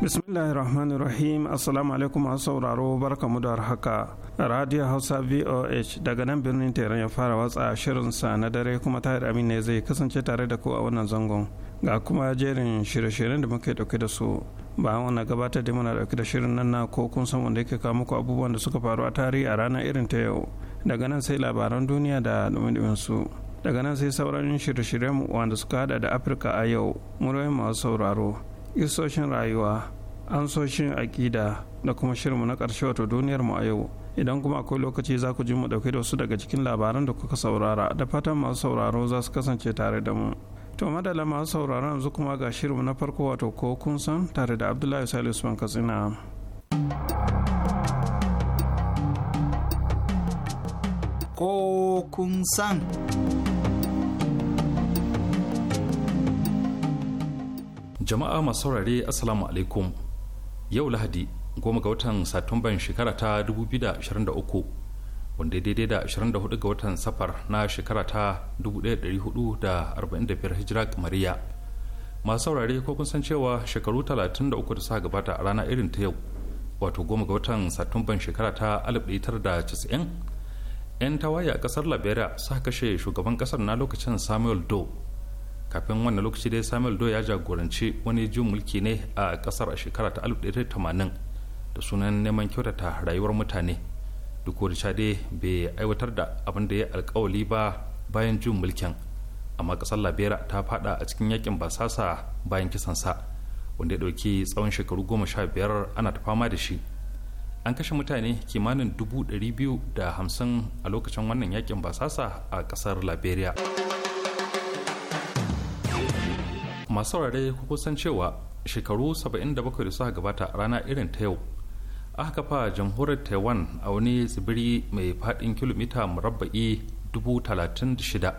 bismillahir rahmanir rahim assalamu alaikum masu sauraro barkamu da haka radio hausa voh daga nan birnin teran ya fara watsa shirinsa na dare kuma tahir amin ne zai kasance tare da ku a wannan zangon ga kuma jerin shirye-shiryen da muke dauke da su ba wannan gabatar da muna dauke da shirin nan na ko kun san wanda yake kawo muku abubuwan da suka faru a tarihi a ranar irin ta yau daga nan sai labaran duniya da dumin su daga nan sai sauran shirye-shiryen wanda suka hada da afirka a yau murayen masu sauraro isoshin rayuwa an soshin aƙida da kuma shirinmu na ƙarshe wato duniyar mu a yau idan kuma akwai lokaci za ku ji mu ɗauke da wasu daga cikin labaran da kuka saurara da fatan masu sauraro za su kasance tare da mu to madala masu sauraro yanzu kuma ga shirinmu na farko wato ko kun san tare da abdullahi salisu usman katsina ko kun san jama'a masu saurare assalamu alaikum yau lahadi goma ga watan satumban shekara ta 2023 wanda daidai da 24 ga watan safar na shekara ta 1445 hijira kamariya masu saurare ko kun san cewa shekaru 33 da suka gabata a rana irin ta yau wato goma ga watan satumban shekara ta 1990 'yan tawaye a kasar liberia suka kashe shugaban kasar na lokacin samuel doe kafin wannan lokaci dai samuel doya ya jagoranci wani jin mulki ne a kasar a shekara ta 1980 da sunan neman kyautata rayuwar mutane duk da sha dai bai aiwatar da abin da ya alkawali ba bayan jin mulkin amma kasar labera ta fada a cikin yakin basasa bayan kisan sa wanda ya dauki tsawon shekaru goma sha biyar ana ta fama da shi an kashe mutane kimanin dubu ɗari biyu da hamsin a lokacin wannan yakin basasa a kasar laberiya. masu saurare ku san cewa shekaru 77 da suka gabata a rana irin ta yau aka kafa jamhuriyar taiwan a wani tsibiri mai faɗin kilomita murabba'i 36,000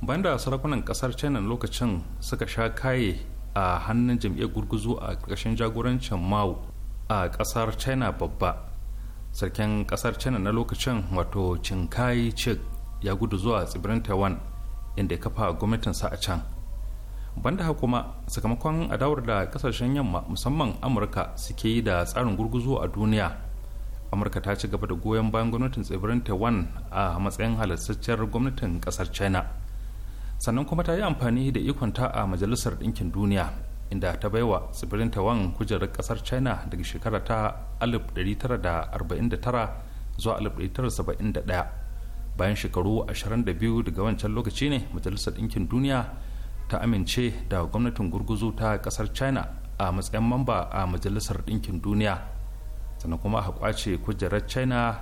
banda sarakunan ƙasar china lokacin suka sha kaye a hannun jam'iyyar gurguzu a ƙarshen jagorancin mao a ƙasar china babba sarkin ƙasar china na lokacin wato cinkai cik ya gudu zuwa tsibirin taiwan inda ya kafa gwamnatinsa a can banda haka kuma sakamakon adawar da kasashen yamma musamman amurka suke yi da tsarin gurguzu a duniya amurka ta ci gaba da goyon bayan gwamnatin tsibirin taiwan a matsayin halittacciyar gwamnatin kasar china sannan kuma ta yi amfani da ikonta a majalisar ɗinkin duniya inda ta baiwa tsibirin taiwan kujerar kasar china daga shekara ta 1949 zuwa 1971 bayan shekaru 22 daga wancan lokaci ne majalisar ɗinkin duniya ta amince da gwamnatin gurguzu ta kasar china a matsayin mamba a majalisar ɗinkin duniya sannan kuma a kwace kujerar china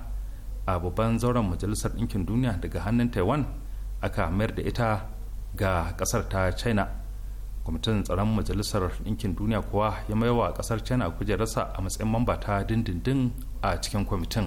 a babban zauren majalisar ɗinkin duniya daga hannun taiwan aka mayar da ita ga kasar ta china kwamitin tsaron majalisar ɗinkin duniya kuwa ya maiwa kasar china kujerarsa a matsayin mamba ta dindindin a cikin kwamitin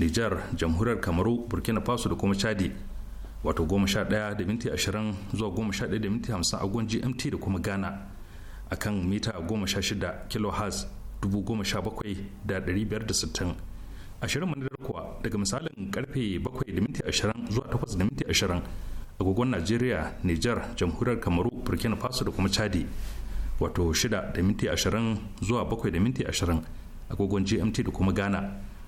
Nijar, jamhuriyar Kamaru, Burkina Faso da kuma Chadi. Wato goma sha ɗaya da minti ashirin zuwa goma sha ɗaya da minti hamsin a gwan GMT da kuma Ghana a kan mita goma sha shida kilohertz dubu goma sha bakwai da ɗari biyar da sittin. Ashirin manadar kuwa daga misalin karfe bakwai da minti ashirin zuwa takwas da minti ashirin a gwagwan Najeriya, Nijar, jamhuriyar Kamaru, Burkina Faso da kuma Chadi. Wato shida da minti ashirin zuwa bakwai da minti ashirin a gwagwan GMT da kuma Ghana.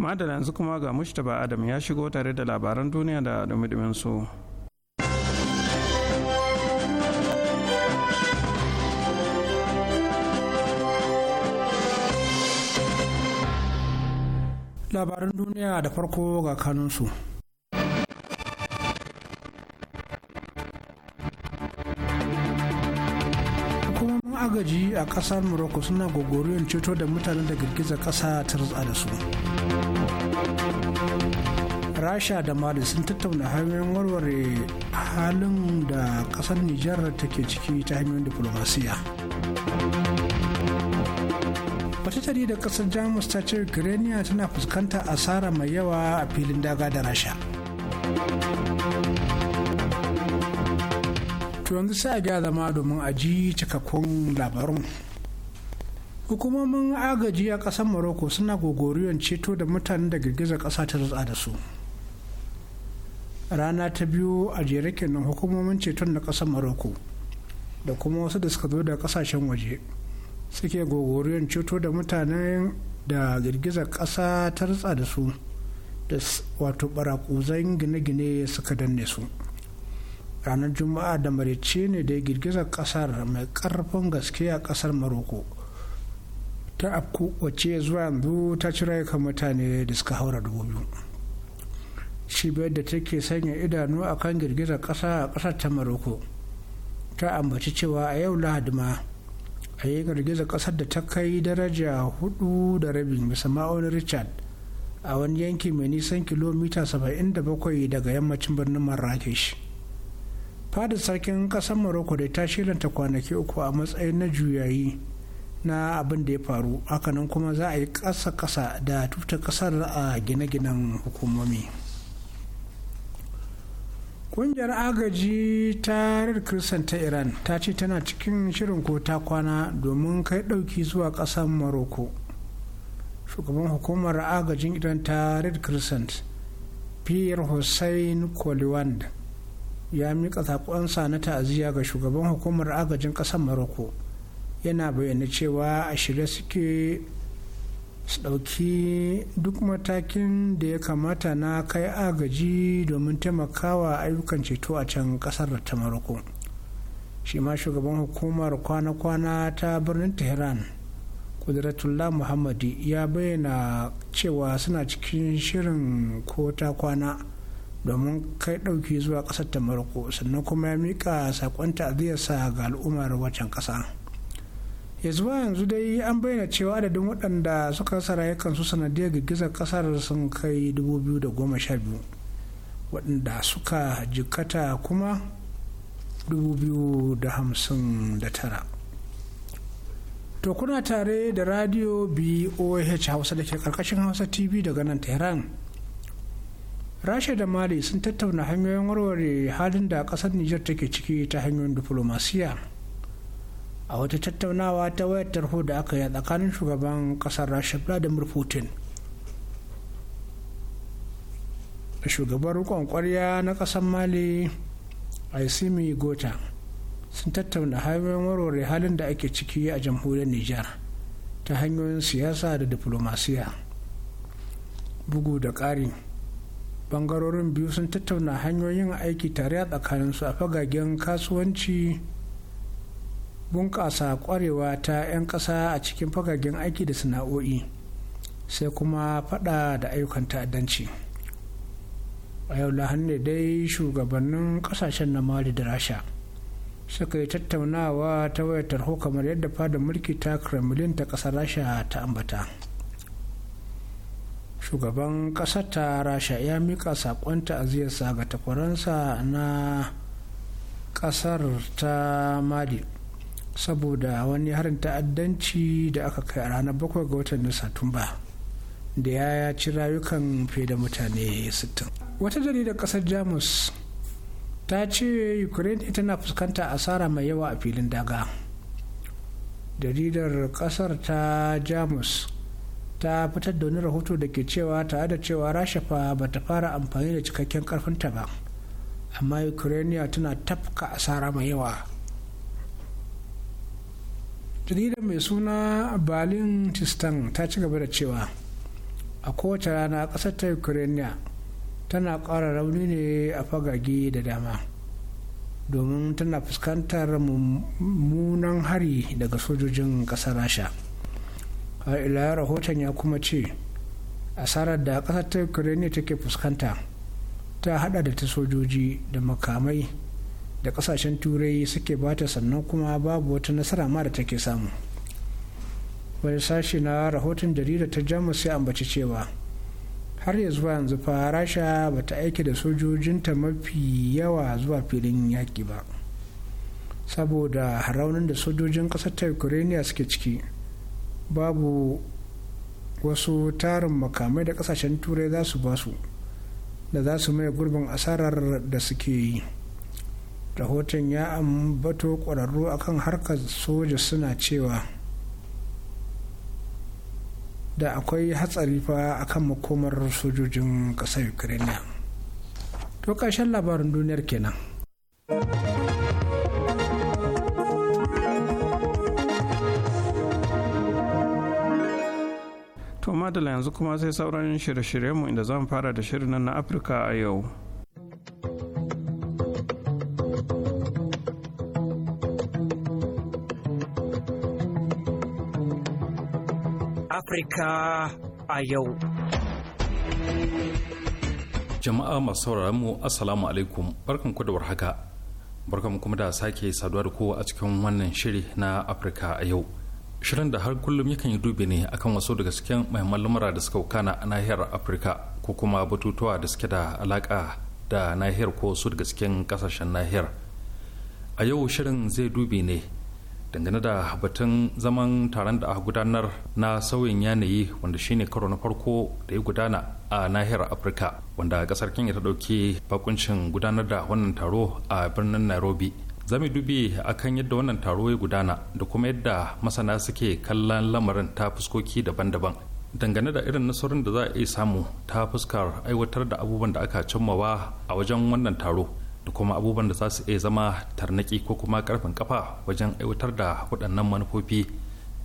Madana yanzu kuma ga mushtaba adam ya shigo tare da labaran duniya da dumidumin su. labaran duniya da farko ga kanunsu hukumomin agaji a kasar morocco suna gogoriyar ceto da mutanen da girgizar kasa ta da su rasha da mali sun tattauna hanyoyin warware halin da kasar nijar take ciki ta hanyoyin diplomasiya fatatari da kasar jamus ta ce greniya tana fuskanta asara mai yawa a filin daga da rasha to yanzu sai a zama domin a ji cikakkun labarun hukumomin agaji a ƙasar morocco suna gogoriyon ceto da mutanen da girgizar ƙasa ta da su rana ta biyu a jere kenan hukumomin ceton na ƙasar maroko da kuma wasu da suka zo da ƙasashen waje suke gogoriyar ceto da mutanen da girgizar ƙasa ta rutsa da su da wato barakuzan gine-gine suka danne su ranar juma'a da marice ne da girgizar ƙasar mai karfin gaske a ƙasar maroko ta afku wacce zuwa yanzu ta ci rayukan mutane da suka haura dubu biyu cibiyar da take sanya idanu a kan girgizar ƙasa a ƙasar ta maroko ta ambaci cewa a yau lahadi ma a yi girgizar ƙasar da ta kai daraja hudu da rabin bisa ma'aunin richard a wani yanki mai nisan kilomita 77 daga yammacin birnin marrakesh fadar sarkin ƙasar maroko da ta shirinta kwanaki uku a matsayin na juyayi na abin da ya faru hakanan kuma za a yi ƙasa-ƙasa da tuta ƙasar a gine-ginen hukumomi. Ƙungiyar agaji ta Red Crescent ta Iran ta ce tana cikin shirin ko ta kwana domin kai dauki zuwa ƙasar Morocco. Shugaban hukumar agajin Iran ta Red Crescent, Pierre Hussein Koliwand, ya mika saƙonsa na ta'aziyya ga shugaban hukumar agajin ƙasar Morocco. Yana bayyana cewa a shirye suke su ɗauki duk matakin da ya kamata na kai agaji domin taimakawa ayyukan ceto a can ƙasar ta maroko shi ma shugaban hukumar kwana-kwana ta birnin tehran kudratullah muhammadi ya bayyana cewa suna cikin shirin ko ta kwana domin kai ɗauki zuwa ƙasar ta maroko sannan kuma ya miƙa saƙon ta'aziyarsa ga al'ummar wacan ƙasa. ya zuwa yanzu dai an bayyana cewa adadin waɗanda suka rasa rayukan su sanadiyar girgizar ƙasar sun kai 2012 waɗanda suka jikata kuma 2059 to kuna tare da radio boh hausa da ke ƙarƙashin hausa tv daga nan tehran rasha da mali sun tattauna hanyoyin warware halin da ƙasar niger take ciki ta hanyoyin diflomasiya. a wata tattaunawa ta wayar tarho da aka yi a tsakanin shugaban kasar rasha vladimir putin shugaban rukon kwarya na kasar mali aisimi gota sun tattauna hanyoyin warware halin da ake ciki a jamhuriyar nijar ta hanyoyin siyasa da diplomasiya bugu da ƙari bangarorin biyu sun tattauna hanyoyin aiki tare a tsakaninsu a fagagen kasuwanci bunƙasa ƙwarewa ta 'yan ƙasa a cikin fagagen aiki da sana'o'i sai kuma faɗa da ayyukan ta'addanci a yau ne dai shugabannin ƙasashen na mali da rasha suka yi tattaunawa ta wayar tarho kamar yadda fada mulki ta kremlin ta ƙasar rasha ta ambata shugaban ƙasar ta rasha ya miƙa saƙon ziyarsa ga takwaransa na ƙasar ta mali saboda wani harin ta'addanci da aka kai a ranar bakwai ga watan na satumba da ya ci rayukan fiye da mutane 60 wata jaridar kasar jamus ta ce ukraine ita na fuskanta asara mai yawa a filin daga jaridar kasar ta jamus ta fitar da wani rahoto da ke cewa tare da cewa rasha fa ba ta fara amfani da cikakken karfinta ba amma ukraine tana tafka asara mai yawa jaridar mai suna berlin tistan ta ci gaba da cewa a kowace rana ƙasar ta ukraine tana ƙara rauni ne a fagage da dama domin tana fuskantar mummunan hari daga sojojin ƙasar rasha har ila rahoton ya kuma ce asarar da ƙasar ta ukraine take fuskanta ta hada da ta sojoji da makamai da kasashen turai suke bata sannan kuma babu wata nasara ma da take samu wani sashi na rahoton jarida ta jamus sai ambaci cewa har ya zuwa yanzu fa rasha ba ta aiki da sojojinta mafi yawa zuwa filin yaƙi ba saboda raunin da sojojin ƙasar ta ukraine suke ciki babu wasu tarin makamai da ƙasashen turai za su basu da za su mai gurbin asarar da suke yi rahoton ya ambato ƙwararru akan harkar soja suna cewa da akwai hatsari fa akan makomar sojojin ƙasar ukraine to ƙarshen labarin duniyar kenan to madala yanzu kuma sai sauran shirye-shiryenmu inda zan fara da shirin nan na afirka a yau Afirka a yau. Jama'a masu sauraron mu Assalamu alaikum barkan ku da warhaka. Barkan kuma da sake saduwa da kowa a cikin wannan shiri na Afirka a yau. Shirin da har kullum yakan yi dubi ne akan wasu daga cikin mahimman lamura da suka kana a nahiyar Afirka ko kuma batutuwa da suke da alaka da nahiyar ko su daga cikin kasashen nahiyar. A yau shirin zai dubi ne dangane da batun zaman taron da aka gudanar na sauyin yanayi wanda shine karo na farko da ya gudana a nahiyar afirka wanda kasar kenya ta dauke bakuncin gudanar da wannan taro a birnin nairobi zami dubi akan yadda wannan taro ya gudana da kuma yadda masana suke kallon lamarin ta fuskoki daban-daban dangane da irin nasarorin da za a iya samu ta fuskar aiwatar da abubuwan da aka cimmawa a wajen wannan taro da kuma abubuwan da za su iya zama tarnaki ko kuma karfin kafa wajen aiwatar da waɗannan manufofi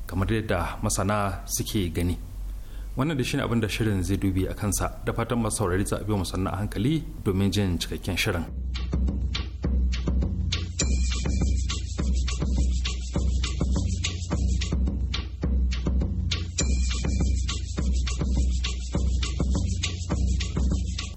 kamar yadda masana suke gani wannan da shine abin da shirin zai dubi a kansa da fatan masu saurari za a biyo musanna a hankali domin jin cikakken shirin.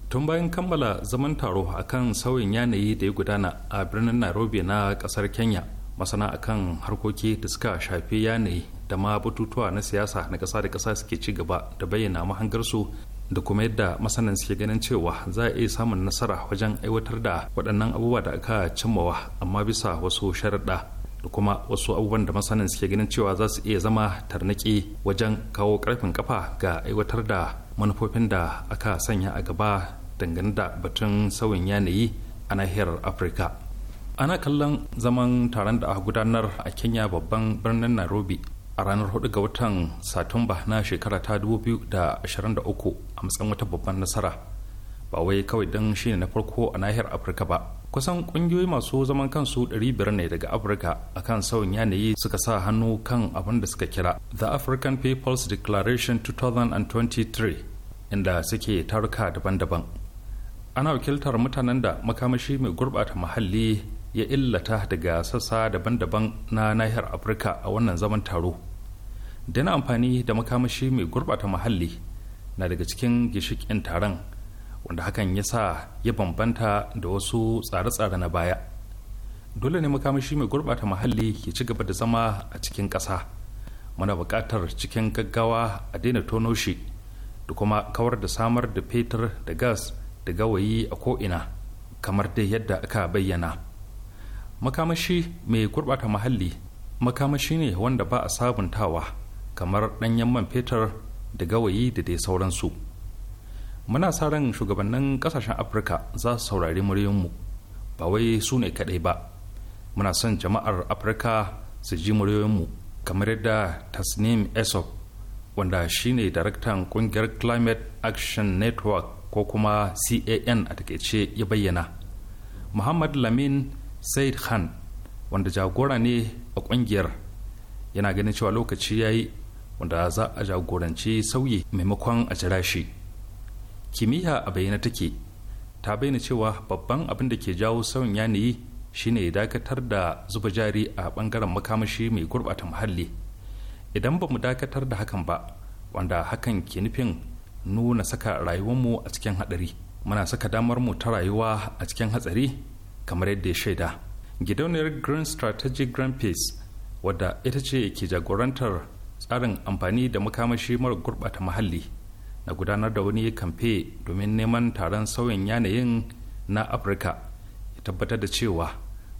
tun bayan kammala zaman taro akan sauyin yanayi da ya gudana a birnin nairobi na kasar kenya masana akan harkoki da suka shafi yanayi da ma batutuwa na siyasa na kasa da kasa suke ci gaba da bayyana mahangarsu da kuma yadda masanan suke ganin cewa za a iya samun nasara wajen aiwatar da waɗannan abubuwa da aka cimmawa amma bisa wasu sharaɗa da kuma wasu abubuwan da masanin suke ganin cewa za su iya zama tarnaki wajen kawo karfin kafa ga aiwatar da manufofin da aka sanya a gaba dangane da batun sauyin yanayi a nahiyar afirka ana kallon zaman taron da aka gudanar a kenya babban birnin nairobi a ranar 4 ga watan satumba na shekara ta 2023 a matsayin wata babban nasara ba wai kawai don shine na farko a nahiyar afirka ba kusan kungiyoyi masu zaman kansu 500 ne daga afirka akan sauyin yanayi suka sa hannu kan abin da suka kira the african people's declaration 2023 inda suke taruka daban-daban ana wakiltar mutanen da makamashi mai gurbata muhalli ya illata daga sassa daban-daban na nahiyar afirka a wannan zaman taro dana amfani da makamashi mai gurbata muhalli na daga cikin gishikin taron wanda hakan ya sa ya bambanta da wasu tsare-tsare na baya dole ne makamashi mai gurɓata muhalli ya ci gaba da zama a cikin ƙasa muna buƙatar cikin gaggawa a daina tono shi da kuma kawar da samar da fetur da gas da gawayi a ko'ina kamar dai yadda aka bayyana makamashi mai gurɓata muhalli makamashi ne wanda ba a sabuntawa kamar ɗanyen man fetur da gawayi da dai sauransu. muna sa ran shugabannin kasashen afirka za su saurari muryoyinmu ba wai su ne kadai ba muna son jama'ar afirka su ji muryoyinmu kamar yadda tasnim esop wanda shine daraktan kungiyar climate action network ko kuma can a takaice ya bayyana muhammad lamin said khan wanda jagora ne a kungiyar yana ganin cewa lokaci ya yi wanda za a jagoranci sauyi maimakon a jira shi kimiyya a bayyana take ta bayyana cewa babban abin da ke jawo sauyin yanayi shine dakatar da zuba jari a bangaren makamashi mai gurbata muhalli idan ba mu dakatar da hakan ba wanda hakan ke nufin nuna saka rayuwarmu a cikin hadari muna saka damar mu ta rayuwa a cikin hatsari kamar yadda ya shaida gidauniyar green strategic grand peace wadda ita ce ke jagorantar tsarin amfani da makamashi mara gurbata muhalli na gudanar da wani kamfe domin neman taron sauyin yanayin na afirka ya tabbatar da cewa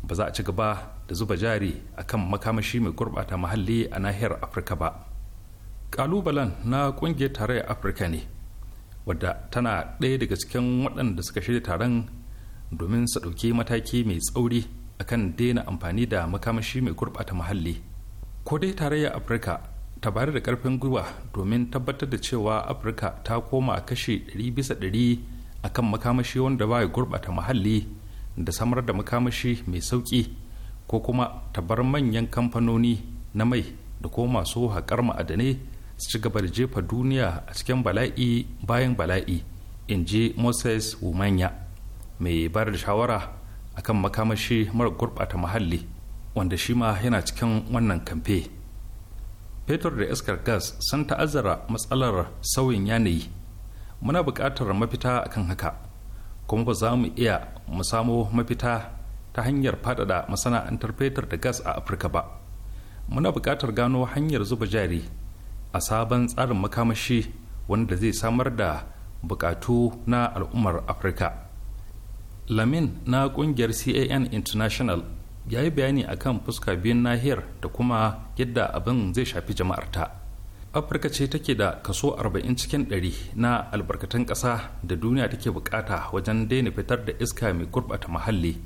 ba za a ci gaba da zuba jari a kan makamashi mai gurɓata muhalli a nahiyar afirka ba ƙalubalen na kungiyar tarayyar afirka ne wadda tana ɗaya daga cikin waɗanda suka shirya taron domin su ɗauki mataki mai tsauri akan daina amfani da makamashi mai gurɓata muhalli ko dai tarayyar afirka ta bayar da karfin gwiwa domin tabbatar da cewa afirka ta koma a kashe 100% kan makamashi wanda ba ya gurbata muhalli da samar da makamashi mai sauki ko kuma ta bar manyan kamfanoni na mai da ko masu haƙar ma'adanai su ci gaba da jefa duniya a cikin bala'i bayan bala'i in ji moses wumanya mai bayar da shawara akan makamashi mara gurbata muhalli wanda shi ma yana cikin wannan kamfe. fetur da iskar gas sun ta'azzara matsalar sauyin yanayi muna buƙatar mafita akan haka kuma ba za mu iya mu samo mafita ta hanyar faɗaɗa masana'antar fetur da gas a afirka ba muna buƙatar gano hanyar zuba jari a sabon tsarin makamashi wanda zai samar da buƙatu na al'ummar afirka lamin na ƙungiyar can international ya yi bayani a kan fuska biyun nahiyar da kuma yadda abin zai shafi jama'ar ta. afirka ce take da kaso 40 cikin 100 na albarkatun ƙasa da duniya take bukata wajen daina fitar da iska mai gurbata muhalli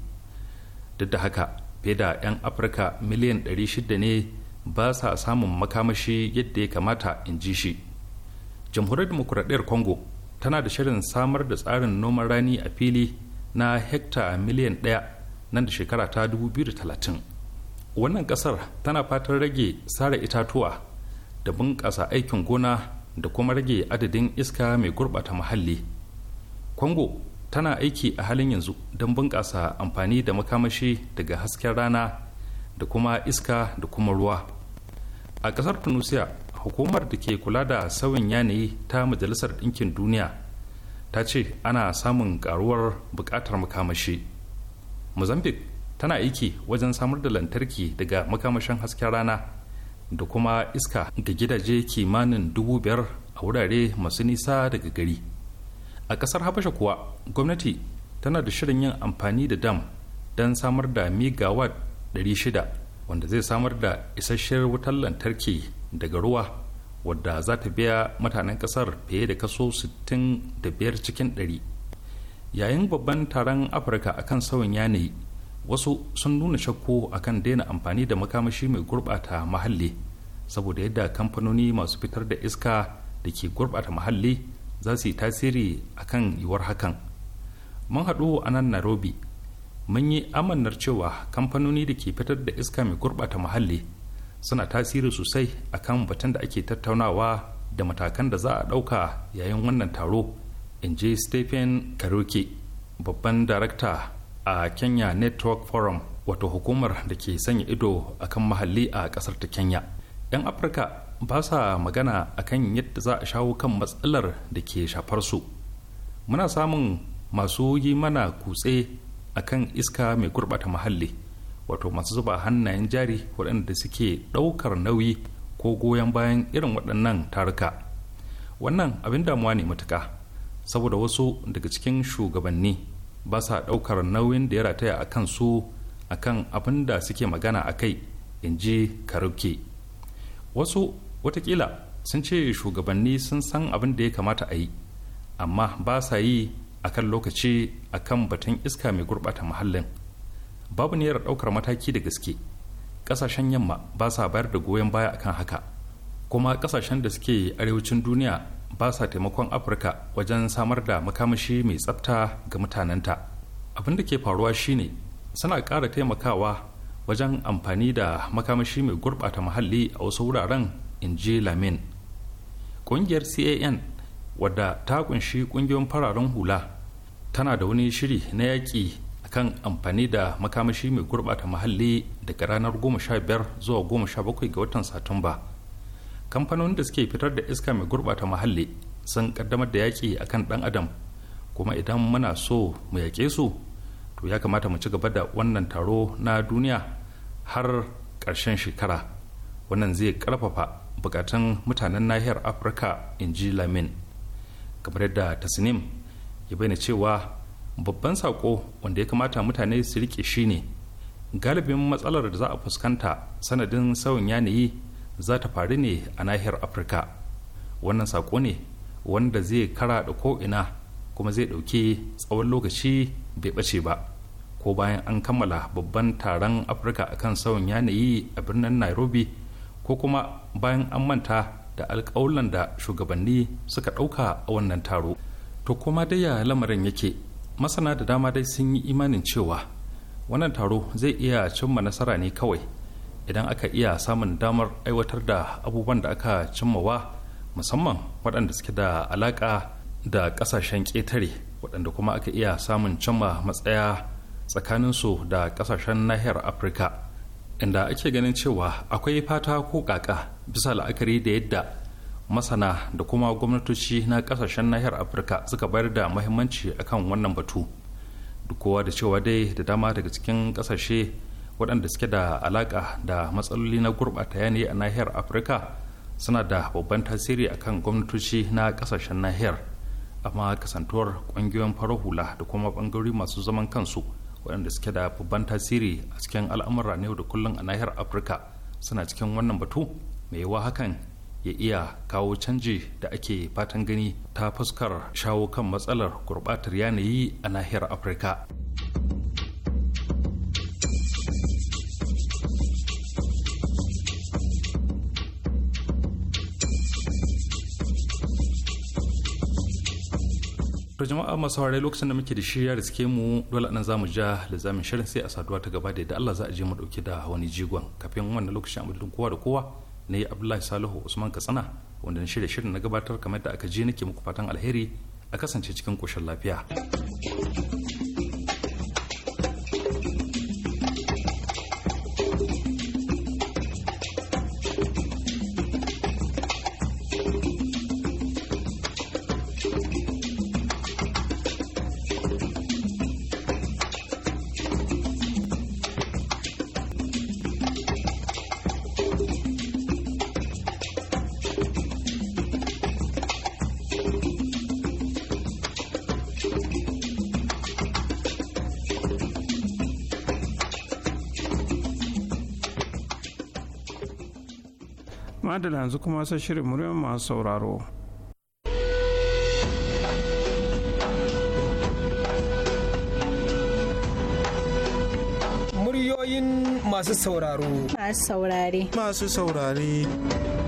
duk da haka fiye da 'yan afirka miliyan 600 ne ba sa samun makamashi yadda ya kamata in ji shi jamhuriyar demokuraɗiyar congo tana da shirin samar da tsarin noman rani a fili na hekta miliyan ɗaya nan da shekara ta 2030 wannan kasar tana fatan rage sare itatuwa da bunƙasa aikin gona da kuma rage adadin iska mai gurɓata muhalli kwango tana aiki a halin yanzu don bunƙasa amfani da makamashi daga hasken rana da kuma iska da kuma ruwa a ƙasar tunisia hukumar da ke kula da sauyin yanayi ta majalisar ɗinkin duniya ta ce ana samun karuwar buƙatar makamashi mozambique tana aiki wajen samar da lantarki daga makamashin hasken rana da kuma iska ga gidaje kimanin dubu biyar a wurare masu nisa daga gari a kasar habasha kuwa gwamnati tana da shirin yin amfani da dam don samar da megawatt 600 wanda zai samar da isasshen wutar lantarki daga ruwa wadda za ta biya mutanen kasar fiye da kaso 65 cikin 100 yayin babban taron afirka akan sauyin yanayi wasu sun nuna shakku akan daina amfani da makamashi mai gurbata muhalli saboda yadda kamfanoni masu fitar da iska da ke gurbata muhalli za su yi tasiri akan yiwuwar hakan mun haɗu a nan nairobi mun yi amannar cewa kamfanoni da ke fitar da iska mai gurbata muhalli suna tasiri sosai akan batun da ake tattaunawa da matakan da za a ɗauka yayin wannan taro in ji stephen karuki babban darakta a kenya network forum wato hukumar da ke sanya ido a kan mahalli a kasar ta kenya 'yan afirka ba sa magana a kan yadda za a shawo kan matsalar da ke shafar su muna samun masu yi mana kutse a kan iska mai gurbata mahalli wato masu zuba hannayen jari waɗanda suke ɗaukar nauyi ko goyon bayan irin waɗannan taruka wannan abin damuwa ne matuka saboda wasu daga cikin shugabanni ba sa ɗaukar nauyin da ya rataya a kan su a kan abin da suke magana a kai in ji karuke wasu watakila sun ce shugabanni sun san abin da ya kamata a yi amma ba sa yi a kan lokaci a kan batun iska mai gurɓata muhallin babu niyyar ɗaukar mataki da gaske ƙasashen yamma ba sa bayar da goyon baya akan haka kuma ƙasashen da suke arewacin duniya ba taimakon afirka wajen samar da makamashi mai tsafta ga mutanenta abin da ke faruwa shine suna ƙara taimakawa wajen amfani da makamashi mai gurɓata muhalli a wasu wuraren in ji lamin ƙungiyar can wadda ta kunshi ƙungiyoyin fararen hula tana da wani shiri na yaƙi kan amfani da makamashi mai gurɓata muhalli daga ranar 15 zuwa 17 ga watan satumba kamfanonin da suke fitar da iska mai gurɓata muhalli sun kaddamar da yaƙi kan ɗan adam kuma idan muna so mu yaƙe su to ya kamata mu ci gaba da wannan taro na duniya har ƙarshen shekara wannan zai ƙarfafa bukatun mutanen nahiyar afirka in ji lamin kamar yadda tasnim ya bayyana cewa babban saƙo wanda ya kamata mutane su riƙe shine galibin matsalar da za a fuskanta sanadin sauyin yanayi za ta faru ne a nahiyar afirka wannan sako ne wanda zai kara da ko'ina kuma zai ɗauki tsawon lokaci bai ɓace ba ko bayan an kammala babban taron afirka akan sauyin yanayi a birnin nairobi ko kuma bayan an manta da alƙawulan da shugabanni suka ɗauka a wannan taro to kuma dai ya lamarin yake masana da dama dai sun yi imanin cewa wannan taro zai iya cimma nasara ne kawai idan aka iya samun damar aiwatar da abubuwan da aka cimmawa musamman waɗanda suke da alaƙa da ƙasashen ƙetare waɗanda kuma aka iya samun cimma matsaya tsakaninsu da ƙasashen nahiyar afirka inda ake ganin cewa akwai fata ko ƙaƙa bisa la'akari da yadda masana da kuma gwamnatoci na ƙasashen nahiyar afirka suka bayar da muhimmanci akan wannan batu duk kowa da cewa dai da dama daga cikin ƙasashe waɗanda suke da alaƙa da matsaloli na gurɓata yanayi a nahiyar afirka suna da babban tasiri akan gwamnatoci na ƙasashen nahiyar amma kasantuwar ƙungiyoyin farar hula da kuma ɓangarori masu zaman kansu waɗanda suke da babban tasiri a cikin al'amura na yau da kullum a nahiyar afirka suna cikin wannan batu mai yawa hakan ya iya kawo canji da ake fatan gani ta fuskar shawo kan matsalar gurɓatar yanayi a nahiyar afirka. to jama'a masu haure lokacin da muke da shirya da suke mu dole nan zamu ja lizamin shirin sai a saduwa ta gaba da Allah za a je mu dauke da wani jigon kafin wannan lokacin a madadin kowa da kowa na ne Abdullahi Salihu Usman Katsina wanda na shirya shirin na gabatar kamar da aka je nake muku fatan alheri a kasance cikin koshin lafiya. madala yanzu kuma sai shirin muryar masu sauraro muryoyin masu sauraro masu saurare masu saurare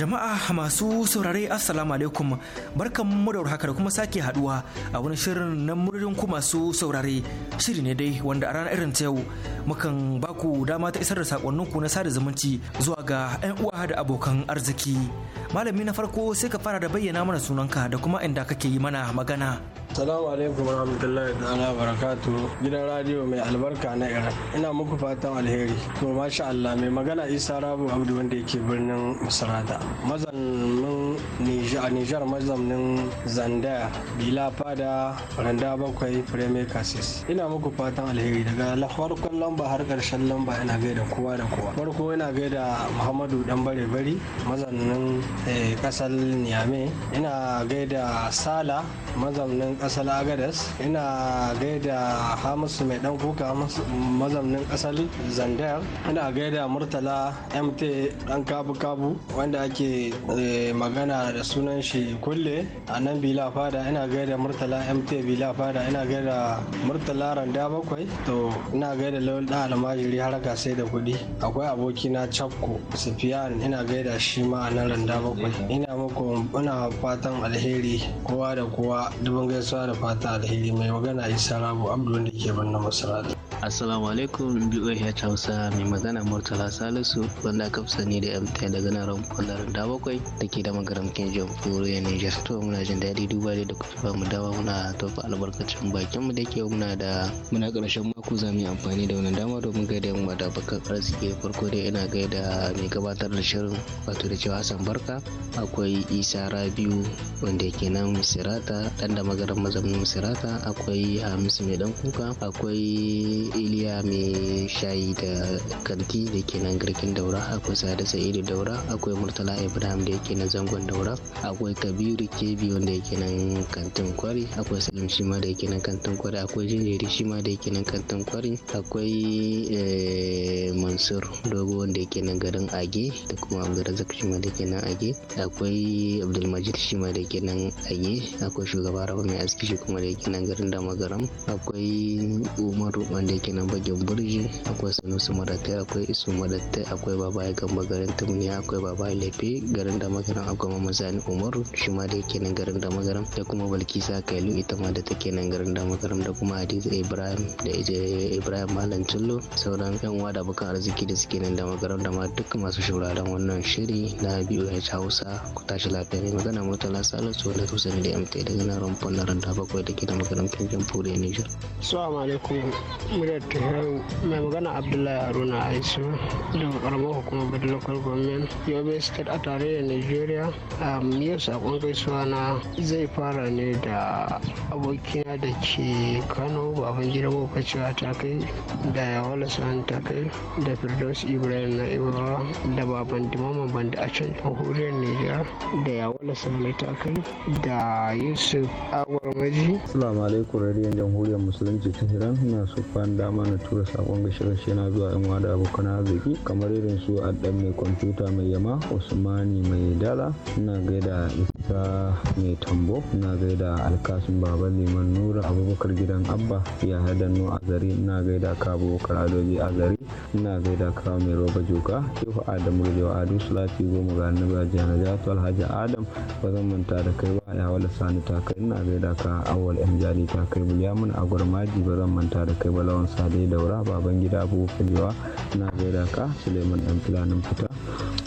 Jama'a masu saurare Assalamu alaikum barkan mu da haka da kuma sake haduwa a wani shirin na muridin ku masu saurare shiri ne dai wanda a ranar irin ta yau mukan baku dama ta isar da sakonnin ku na sada zumunci zuwa ga 'yan uwa da abokan arziki. Malami na farko sai ka fara da bayyana mana sunanka da kuma inda kake yi mana magana. Salamu alaikum wa warahmatullahi ta'ala barakatu gidan radio mai albarka na Iran. Ina muku fatan alheri. To masha Allah mai magana Isa Rabu Abdu wanda yake birnin Misrata. Mazanin Nijar mazanin Zandaya Bila Fada Randa Bakwai Premier Cassis. Ina muku fatan alheri daga farkon lamba har karshen lamba ina gaida kowa da kowa. Farko ina gaida Muhammadu Dan Bare Bari mazanin kasar eh, niame Ina gaida Sala mazaunin kasar agadas ina gaida hamisu mai dan kuka mazaunin kasar zandar ina gaida murtala mt dan kabu kabu wanda ake eh, magana da sunan shi kulle a nan bila fada ina gaida murtala mt bila fada ina gaida murtala randa bakwai to ina gaida lawal almajiri haraka sai da kuɗi akwai abokina chapko sufiyan ina gaida shi ma a nan randa bakwai ina muku ina fatan alheri kowa da kowa dubin gaisuwa da fata alheri mai magana isa rabu abdu wanda ke birnin masarautar Assalamu alaikum BOH Hausa mai magana Murtala Salisu wanda aka fi sani da MT daga nan ramfanar da bakwai da ke da magaramkin jamhuriyar Nijar. To muna jin daɗi duba da kuka ba mu dawa muna tofa albarkacin bakin mu da ke muna da muna ƙarshen mako za mu yi amfani da wannan dama domin gaida yan da bakan arziki farko dai ina gaida mai gabatar da shirin wato da cewa Hassan Barka akwai Isa Rabiu wanda ke nan Misirata dan da magaran mazamin Misirata akwai Hamisu mai dan kuka akwai iliya mai shayi da kanti da ke nan girkin daura akwai sada sa'idu daura akwai murtala ibrahim da yake nan zangon daura akwai kabiru kebi wanda yake nan kantin kwari akwai salim shi ma da yake nan kantin kwari akwai jinjiri shi ma da yake nan kantin kwari akwai eh, mansur dogo wanda yake nan garin age da kuma abdulrazak shi ma da yake nan age akwai abdulmajid shi ma da yake nan age akwai shugaba rawa mai aski shi kuma da yake nan garin damagaram akwai umaru wanda kenan bagin burji akwai sanusi madatai akwai isu madatai akwai baba ya gamba garin tumniya akwai baba ya lefe garin da magaran akwai mama zani umaru shi ma da yake nan garin da magaran da kuma balkisa kailu ita ma da take nan garin da magaran da kuma hadiza ibrahim da ibrahim malam tullo sauran yan uwa da bukan arziki da suke nan da magaran da ma duk masu shauraron wannan shiri na biyu ya hausa ku tashi lafiya ne magana salo salisu wanda tusa ne da mt daga nan rumfon na randa bakwai da ke da magaran fimfim fure niger. salamu alaikum muryar mai magana abdullahi haruna aisu daga karamar hukumar bada local government yobe state a tarayyar nigeria um, yau sakon gaisuwa na zai fara ne da abokina da ke kano baban gidan bokacewa ta kai da yawala sa'an ta kai da firdaus ibrahim na ibrahim da baban dimaman bandi a can jamhuriyar Nigeria da yawala sa'an ta kai da yusuf agwarmaji assalamu alaikum radiyon jamhuriyar musulunci ta hiran na sufan dama na tura sakon gashe-gashe na zuwa yan da abokan arziki kamar irin su addan mai kwamfuta mai yama usmani mai dala na gaida ta mai tambo na gaida alkashin baba liman nura abubakar gidan abba ya a azari na gaida ka abubakar adoji azari na gaida ka mai roba joka shehu adamu a adu sulafi goma ga na jatu alhaji adam ba zan manta da kai ba ya wala sani ta kai na gaida ka awal yan jari ta kai bulyamin a gwarmaji ba zan manta da kai ba lawan sadai daura baban gida abubakar fulwa na gaida ka suleiman dan filanin fita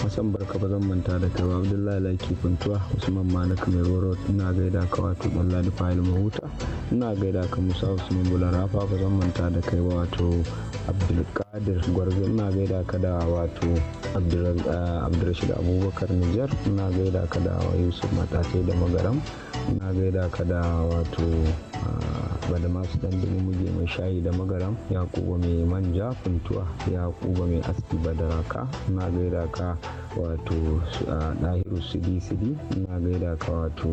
wasan barka ba zan manta da kai ba Abdullahi Laki Kuntuwa Usman Malik mai waro ina gaida ka wato Dalla da Fahil Mahuta ina gaida ka Musa Usman Bularafa ba zan manta da kai ba wato Abdulkadir Gwarzo ina gaida ka da wato eh, Abdulrashid Abubakar Nijar ina gaida ka da Yusuf Matatai da Magaram ina gaida ka da wato bada masu dandamin muje mai shayi da magaram ya kuba mai manja kuntuwa ya kuba mai aski badaraka na gaida ka wato dahiru sidi sidi na gaida ka wato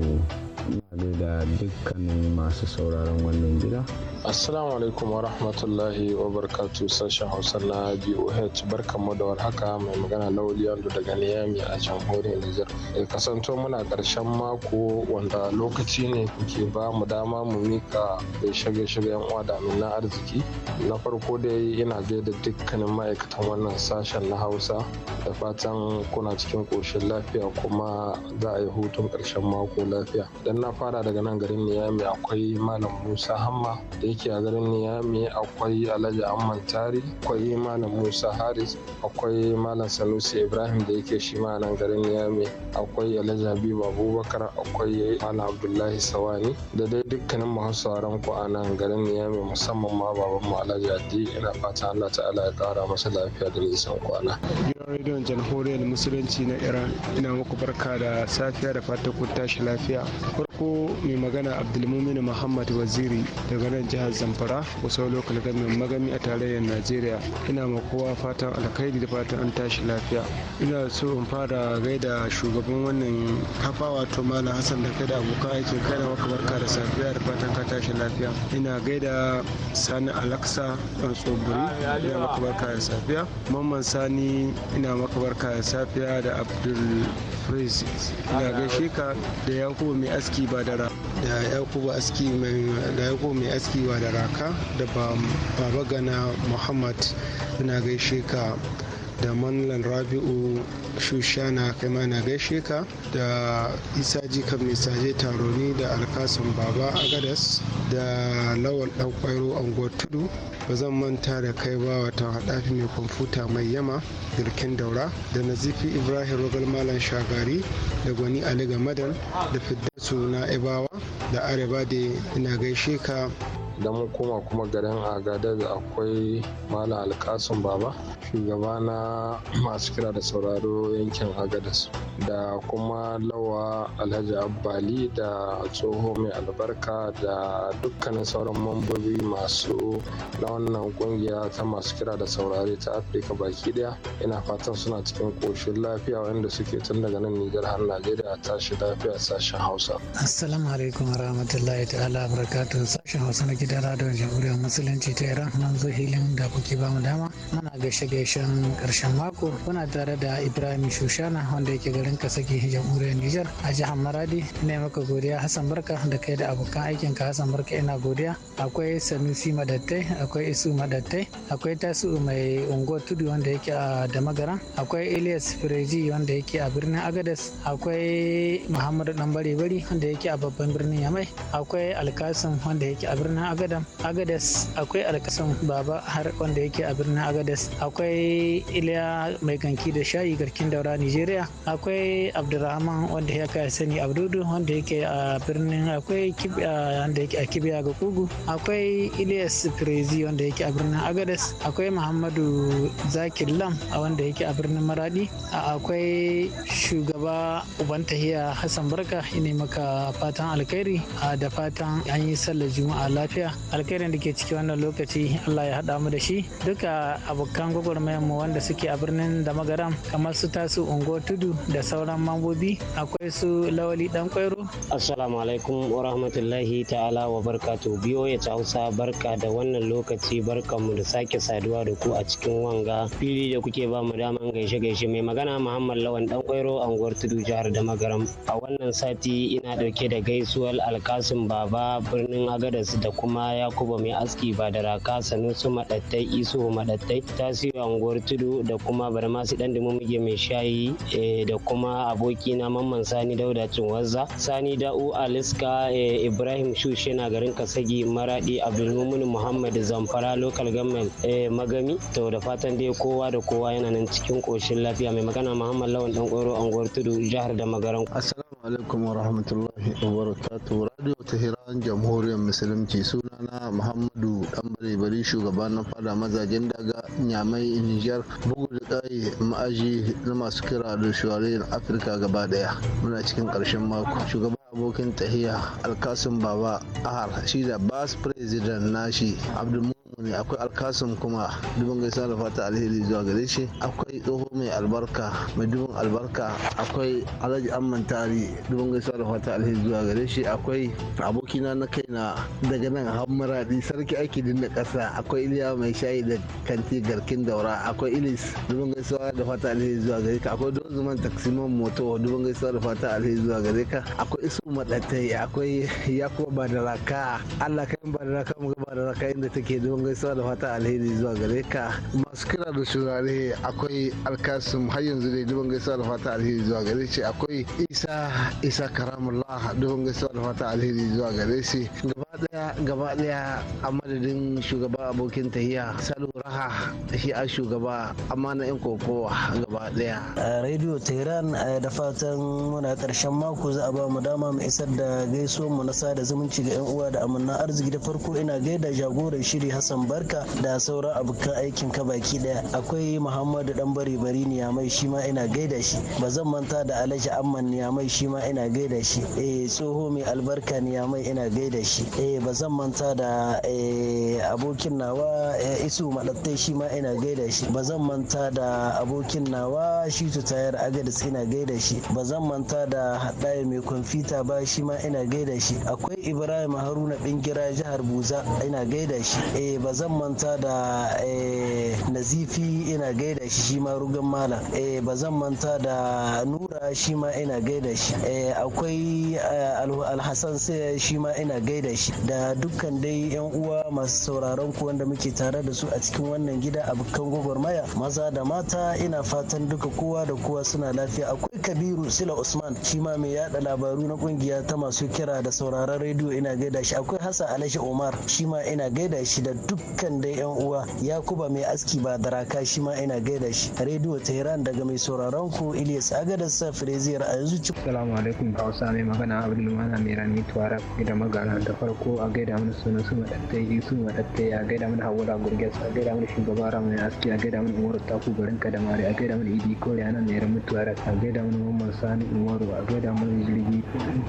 ina da dukkanin masu sauraron wannan gida assalamu alaikum wa rahmatullahi wa barakatu sashen hausa na boh barkanmu da warhaka mai magana lauli yanzu daga niyami a jamhuriyar nijar e kasanto muna karshen mako wanda lokaci ne ke ba mu dama mu mika da shirye shiryen uwa da na arziki na farko da dai ina gaida dukkanin ma'aikatan wannan sashen na hausa da fatan kuna cikin koshin lafiya kuma za a yi hutun ƙarshen mako lafiya idan na fara daga nan garin niyami akwai malam musa hamma da yake a garin niyami akwai alhaji amman tari akwai malam musa haris akwai malam sanusi ibrahim da yake shi ma nan garin niyami akwai alhaji habibu abubakar akwai malam abdullahi sawani da dai dukkanin masu sauran ku a nan garin niyami musamman ma baban mu alhaji addi ina fata allah ta'ala ya kara masa lafiya da nisan kwana. gidan rediyon jamhuriyar musulunci na iran ina muku barka da safiya da fatan ku tashi lafiya farko mai magana abdulmumin muhammad waziri daga nan jihar zamfara wasu lokal gamin magami a tarayyar najeriya ina ma kowa fatan alkhairi da fatan an tashi lafiya ina so in fara gaida shugaban wannan kafa wato malam hassan da kai da abokan aikin kai da maka barka da safiya da fatan ka tashi lafiya ina gaida sani alaksa dan tsoburi ina maka barka da safiya mamman sani ina maka barka da safiya da abdul ina gaishe ka da yakubu mai aski ba da da yakubu da yakubu mai aski ba da raka da baba gana muhammad na gaishe ka da manlan rabi'u shushana kai ma gaishe ka da isa jikan misaje taroni da alkasan baba agadas da lawal dan kwairo anguwar tudu ba zan manta da kai ba wata haɗafi mai kwamfuta mai yama girkin daura da nazifi ibrahim rogal malam shagari da gwani ali gamadan da fidda na ibawa da arewa da ina gaishe ka idan mun koma kuma garin da akwai malam alkasun baba shugaba na masu kira da sauraro yankin agadas da kuma lawa alhaji abbali da tsoho mai albarka da dukkanin sauran mambobi masu na wannan kungiya ta masu kira da saurare ta afirka baki daya ina fatan suna cikin koshin lafiya wanda suke tun daga nan nijar har najeriya tashi lafiya sashen hausa assalamu alaikum warahmatullahi ta'ala barakatun sashen hausa na gidan radon jamhuriyar musulunci ta iran nan zo hilin da kuke ba mu dama muna gaishe gaishen karshen mako muna tare da ibrahim shushana wanda yake garin kasake jamhuriyar nijar a jihar maradi ne maka godiya hassan barka da kai da abokan aikin ka hassan barka ina godiya akwai sanusi madattai akwai isu madattai akwai tasu mai ungo tudu wanda yake a Damagara. akwai elias fireji wanda yake a birnin agadas akwai muhammadu dan bari bari wanda yake a babban birnin yamai akwai alkasim wanda yake a birnin agadan agadas akwai alkasan baba har wanda yake a birnin agadas akwai iliya mai ganki da shayi garkin daura nigeria akwai abdulrahman wanda ya kai sani abdudu wanda yake a birnin akwai wanda yake a kibiya ga kugu akwai ilias firezi wanda yake a birnin agadas akwai muhammadu zakir lam a wanda yake a birnin maradi akwai shugaba uban tahiya hassan barka ina maka fatan alkhairi da fatan an yi sallar juma'a lafiya lafiya alkhairin da ke ciki wannan lokaci Allah ya haɗa mu da shi duka abokan gwagwarmayar mu wanda suke a birnin damagaram kamar su tasu ungo tudu da sauran mambobi akwai su lawali dan kwairo assalamu alaikum wa rahmatullahi ta'ala wa barkatu biyo ya ta hausa barka da wannan lokaci mu da sake saduwa da ku a cikin wanga fili da kuke ba mu daman gaishe gaishe mai magana muhammad lawan dan kwairo anguwar tudu jihar damagaram a wannan sati ina dauke da gaisuwar alkasim baba birnin agadas da kuma kuma yakubu mai aski ba da raka sanusu madattai isu madattai tasiri unguwar tudu da kuma barmasi dan muge mai shayi eh, da kuma aboki na mamman sani dauda cinwazza sani da'u aliska eh, ibrahim shushe na garin kasagi maradi abdulmumin muhammad zamfara local government eh, magami to da fatan dai kowa da kowa yana nan cikin koshin lafiya mai magana muhammad lawan dan kwaro unguwar tudu jihar da magaran assalamu alaikum wa rahmatullahi wa barakatuh Radio Tehran Jamhuriyar Musulunci sunana Muhammadu Dambare Bari shugaba na fada mazajen daga Nyamai Nijar bugu da kai ma'aji na masu kira da shuwarayin Afirka gaba daya muna cikin karshen mako shugaban abokin tahiya alkasun baba ahar shi da bas president nashi abdulmu ne akwai alkasim kuma dubin gaisa da fata alheri zuwa gare shi akwai tsoho mai albarka mai dubin albarka akwai alhaji amman tari dubin gaisa da fata alheri zuwa gare shi akwai abokina na kaina daga nan har maradi sarki aiki din da kasa akwai iliya mai shayi da kanti garkin daura akwai ilis dubin gaisuwa da fata alheri zuwa gare ka akwai dozuman taksiman moto dubin gaisuwa da fata alheri zuwa gare ka akwai isu madatai akwai yakuwa badaraka allah kai badaraka mu badaraka inda take dubin gaisuwa da fata alheri zuwa gare ka masu kira da shirare akwai alkasim har yanzu dai dubin gaisuwa da fata alheri zuwa gare shi akwai isa isa karamullah dubin gaisuwa da fata alheri zuwa gare shi gaba daya gaba daya a madadin shugaba abokin tahiya salo raha shi a shugaba amma na yan kokowa gaba daya radio tehran da fatan muna karshen mako za a ba mu dama mu isar da gaisuwan mu na sada zumunci ga yan uwa da amanna arziki da farko ina gaida jagoran shiri hassan hassan barka da sauran abokan aikin ka baki daya akwai muhammadu dan bari bari mai shi ma ina gaida shi ba zan manta da alhaji amman mai shi ma ina gaida shi eh tsoho mai albarka ni mai ina gaida shi eh ba zan manta da eh, abokin nawa eh, isu madatte shi ma ina gaida shi ba zan manta da abokin nawa shi tayar agadis ina gaida shi ba zan manta da haɗaya mai kwamfuta ba shi ma ina gaida shi akwai ibrahim haruna bingira jihar buza ina gaida shi eh ba ba zan manta da eh, nazifi ina gaida shi shi ma rugan malam eh, ba zan manta da nura shi ma ina gaida shi eh, akwai alhassan sai shi ma ina gaida shi da dukkan dai yan uwa masu sauraron ku wanda muke tare da su a cikin wannan gida abokan gwagwarmaya maza da mata ina fatan duka kowa da kowa suna lafiya akwai kabiru sila usman shi ma mai yada labaru na kungiya ta masu kira da sauraron rediyo ina gaida shi akwai hassan alashi omar shi ma ina gaida shi da duk dukkan dai yan uwa yakuba mai aski ba daraka shi ma ina gaida shi rediyo tehran daga mai sauraron ku ilyas sa freziyar a yanzu ci salamu alaikum da hausa mai magana abdulmana mai rani tuwara da magana da farko a gaida mana suna su madattai yi su madattai a gaida mana hawala gurgis a gaida mana shugaba ramai aski a gaida mana umaru taku garin kadamare a gaida mana idi kore yana mai rami tuwara a gaida mana mamman sani umaru a gaida mana jirgi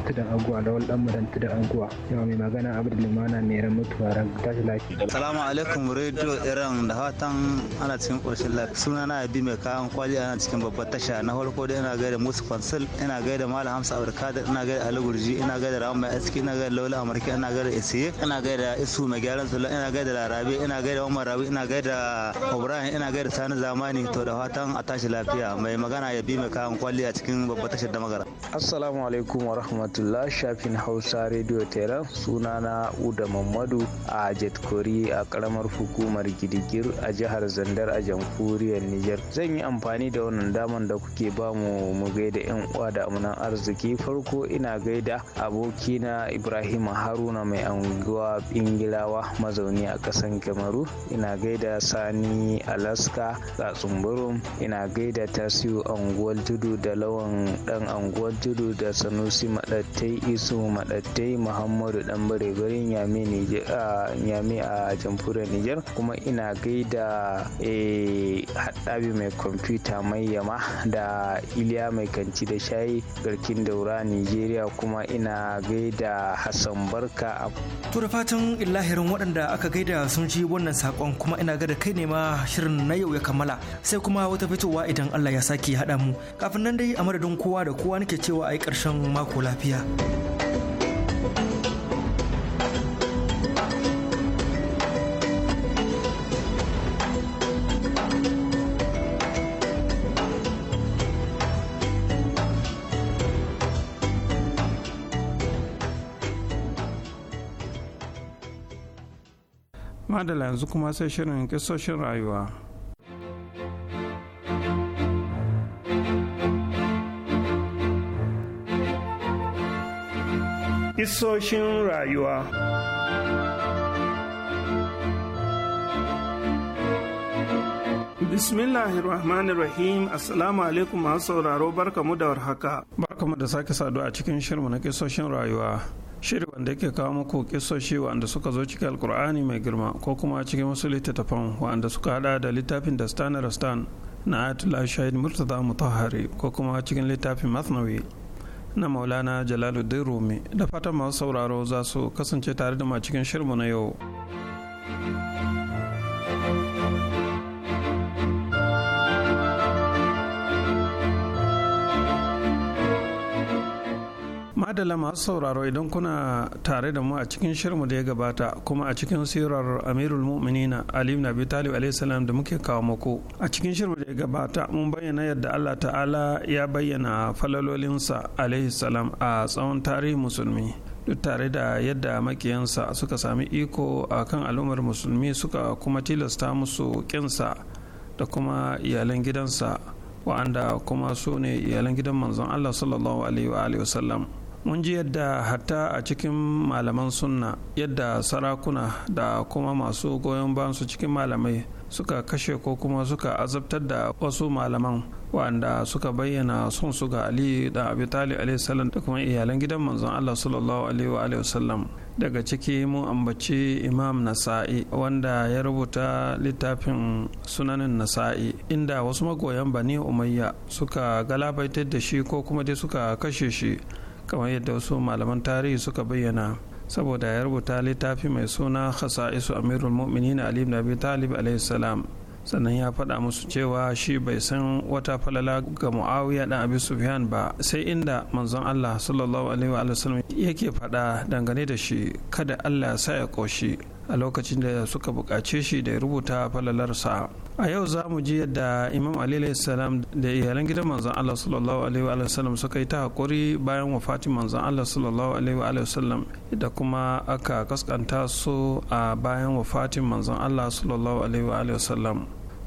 tudan aguwa lawal dan madan tudan aguwa yawa mai magana abdulmana mai rami tuwara tashi lafiya alaikum Radio Iran da hatan ana cikin ƙoshin lafiya. Suna na Abi mai kayan kwali ana cikin babbar tasha na farko dai ina gaida Musu Kwansil, ina gaida Malam Hamsa Abdulkadir, ina gaida Ali Gurji, ina gaida Rahman Mai Aski, ina gaida Laula Amurka, ina gaida Isiye, ina gaida Isu Mai Gyaran Sula, ina gaida Larabe, ina gaida Umar Rabi, ina gaida obrahim ina gaida Sani Zamani to da fatan a tashi lafiya. Mai magana ya bi mai kayan kwali a cikin babbar tashar da magara. Assalamu alaikum wa rahmatullah shafin Hausa Radio Tehran sunana Uda Mamadu a kori a a karamar hukumar gidigir a jihar Zandar a jamhuriyar Niger. Zan yi amfani da wannan daman da kuke ba mu gaida 'yan uwa da amunan arziki farko ina gaida abokina Ibrahim Haruna mai anguwa Ingilawa mazauni a kasan Kamaru. Ina gaida Sani Alaska a tsumburum Ina gaida Tasiu anguwar Tudu da Lawan dan anguwar Tudu da Sanusi Madattai Isu Madattai Muhammadu dan bare garin Yami a jamhuriyar Nijar kuma ina gaida eh, haɗabi mai kwamfuta mai yama da iliya mai kanci da shayi garkin daura Nijeriya kuma ina gaida Hassan Barka. To da fatan illahirin waɗanda aka gaida sun ji wannan saƙon kuma ina ga da kai ne ma shirin na yau ya kammala sai kuma wata fitowa idan Allah ya sake haɗa mu kafin nan dai a madadin kowa da kowa nake cewa a yi ƙarshen mako lafiya. adala yanzu kuma sai shirin kisoshin rayuwa Kisoshin rayuwa Bismillahirrahmanirrahim Assalamu alaikum masu sauraro barkamu da warhaka barkamu da sake saduwa a cikin shirmu na kisoshin rayuwa shirin wanda yake kawo muku kisoshi wanda suka zo cikin alkur'ani mai girma ko kuma cikin wasu littattafan wanda suka hada da littafin da stan rastan na atula shahid murtaza mutahari ko kuma cikin littafin masnawi na maulana jalaluddin rumi da fatan masu sauraro za su kasance tare da ma cikin shirmu na yau. madala masu sauraro idan kuna tare da mu a cikin shirinmu da ya gabata kuma a cikin sirar amirul mu'minina ali ibn abi talib salam da muke kawo muku a cikin shirinmu da ya gabata mun bayyana yadda allah ta'ala ya bayyana falalolinsa salam a tsawon tarihin musulmi duk tare da yadda makiyansa suka sami iko a kan al'ummar musulmi suka kuma tilasta musu kinsa da kuma iyalan gidansa wa'anda kuma su ne iyalan gidan manzon allah sallallahu alaihi wa sallam mun ji yadda hatta a cikin malaman sunna yadda sarakuna da kuma masu goyon bayan cikin malamai suka kashe ko kuma suka azabtar da wasu malaman wanda suka bayyana son su ga ali da abi talib salam da kuma iyalan gidan manzon allah sallallahu alaihi wa sallam daga ciki mu ambaci imam nasa'i wanda ya rubuta littafin sunanin nasa'i inda wasu magoyan bani umayya suka galabaitar da shi ko kuma dai suka kashe shi kamar yadda wasu malaman tarihi suka bayyana saboda ya rubuta littafi mai suna isu amirul mu'minin ali ibn abi talib salam sannan ya faɗa musu cewa shi bai san wata falala ga muawiya dan abi sufyan ba sai inda manzon Allah sallallahu alaihi wa sallam yake faɗa dangane da shi kada Allah ya sa ya koshi a lokacin da suka buƙace shi da ya rubuta falalarsa a yau za mu ji yadda imam ali salam da iyalan gidan manzan allah sallallahu alaihi wa sallam suka yi ta hakuri bayan wafatin manzan allah sallallahu alaihi wa sallam da kuma aka kaskanta su a bayan wafatin manzan allah sallallahu alaihi wa sallam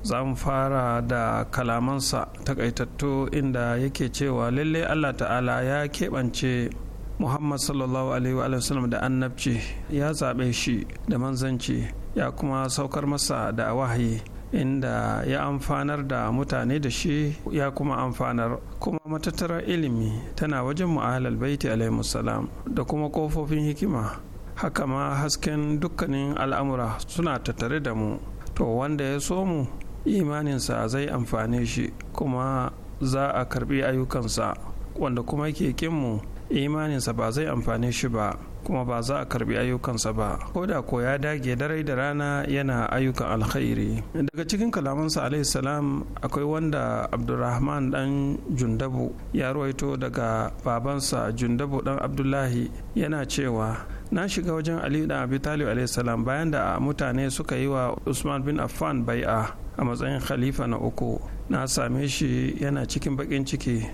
za mu fara da kalamansa takaitattu inda yake cewa lalle allah ta'ala ya keɓance muhammad sallallahu alaihi wa sallam da annabci ya zaɓe shi da manzanci ya kuma saukar masa da wahayi inda ya amfanar da mutane da shi ya kuma amfanar kuma matattarar ilimi tana wajen mu'ahalar baiti salam da kuma kofofin hikima haka ma hasken dukkanin al'amura suna tattare da mu to wanda ya so mu imaninsa zai amfane shi kuma za a karbi ayyukansa wanda kuma mu imaninsa ba zai amfane shi ba kuma ba za a karbi ayyukansa ba ko da ko ya dage dare da rana yana ayyukan alkhairi daga cikin kalamansa alaihi salam akwai wanda abdulrahman dan jundabu ya ruwaito daga babansa jundabu dan abdullahi yana cewa na shiga wajen Ali dan abi talib alaihi salam bayan da mutane suka yi wa usman bin affan bai'a a matsayin khalifa na uku na same shi yana cikin bakin ciki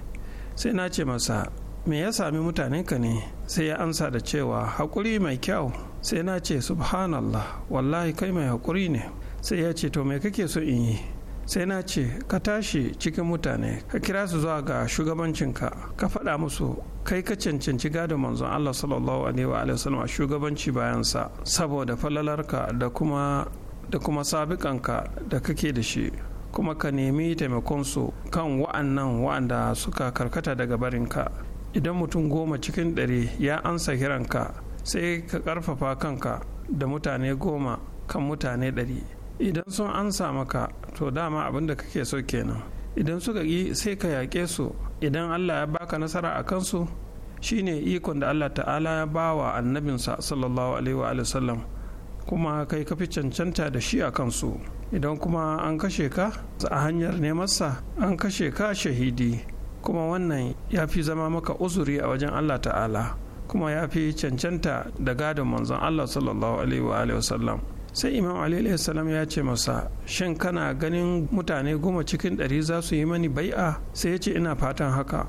sai na ce masa me ya sami ka ne sai ya amsa da cewa haƙuri mai kyau sai na ce subhanallah wallahi kai mai haƙuri ne sai ya ce to me kake so in yi sai na ce ka tashi cikin mutane ka kira su zuwa ga shugabancinka ka faɗa musu kai ka cancanci gado manzon Allah sallallahu alaihi wa wasallam shugabanci bayansa saboda falalarka da kuma da kuma sabiƙanka da kake da shi kuma ka nemi taimakon su kan wa'annan wa'anda suka karkata daga barinka idan mutum goma cikin ɗari ya ansa kiranka sai ka ƙarfafa kanka da mutane goma kan mutane ɗari idan sun ansa maka to dama abin da kake so kenan idan suka ƙi sai ka yaƙe su idan allah ya baka nasara a kansu shine ikon da allah ta'ala ya ba wa annabinsa sallallahu alaihi wa sallam kuma kai kafi cancanta da shi a kansu idan kuma an kashe ka a hanyar nemansa an kashe ka shahidi kuma wannan ya fi zama maka uzuri a wajen allah ta'ala kuma ya fi cancanta da gadon manzon allah sallallahu alaihi wa sallam sai imam ali salam ya ce masa shin kana ganin mutane goma cikin ɗari za su yi mani bai'a sai ya ce ina fatan haka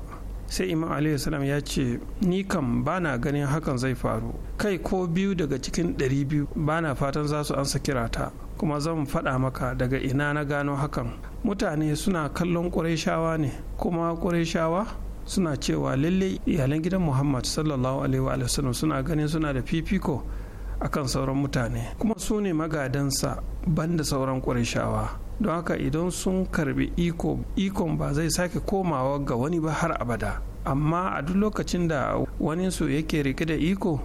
sai imam aliyu salam ya ce ni kam bana ganin hakan zai faru kai ko biyu daga cikin ɗari biyu bana fatan za su ansa ta kuma zan faɗa maka daga ina na gano hakan mutane suna kallon ƙurayshawa ne kuma ƙurayshawa suna cewa lalle iyalan gidan muhammad sallallahu alaihi wa sallam suna ganin suna da fifiko akan sauran mutane kuma su ne magadansa banda sauran ƙurayshawa don haka idan sun karbi iko ikon ba zai sake komawa ga wani ba har abada amma a duk lokacin da wani su yake rike da iko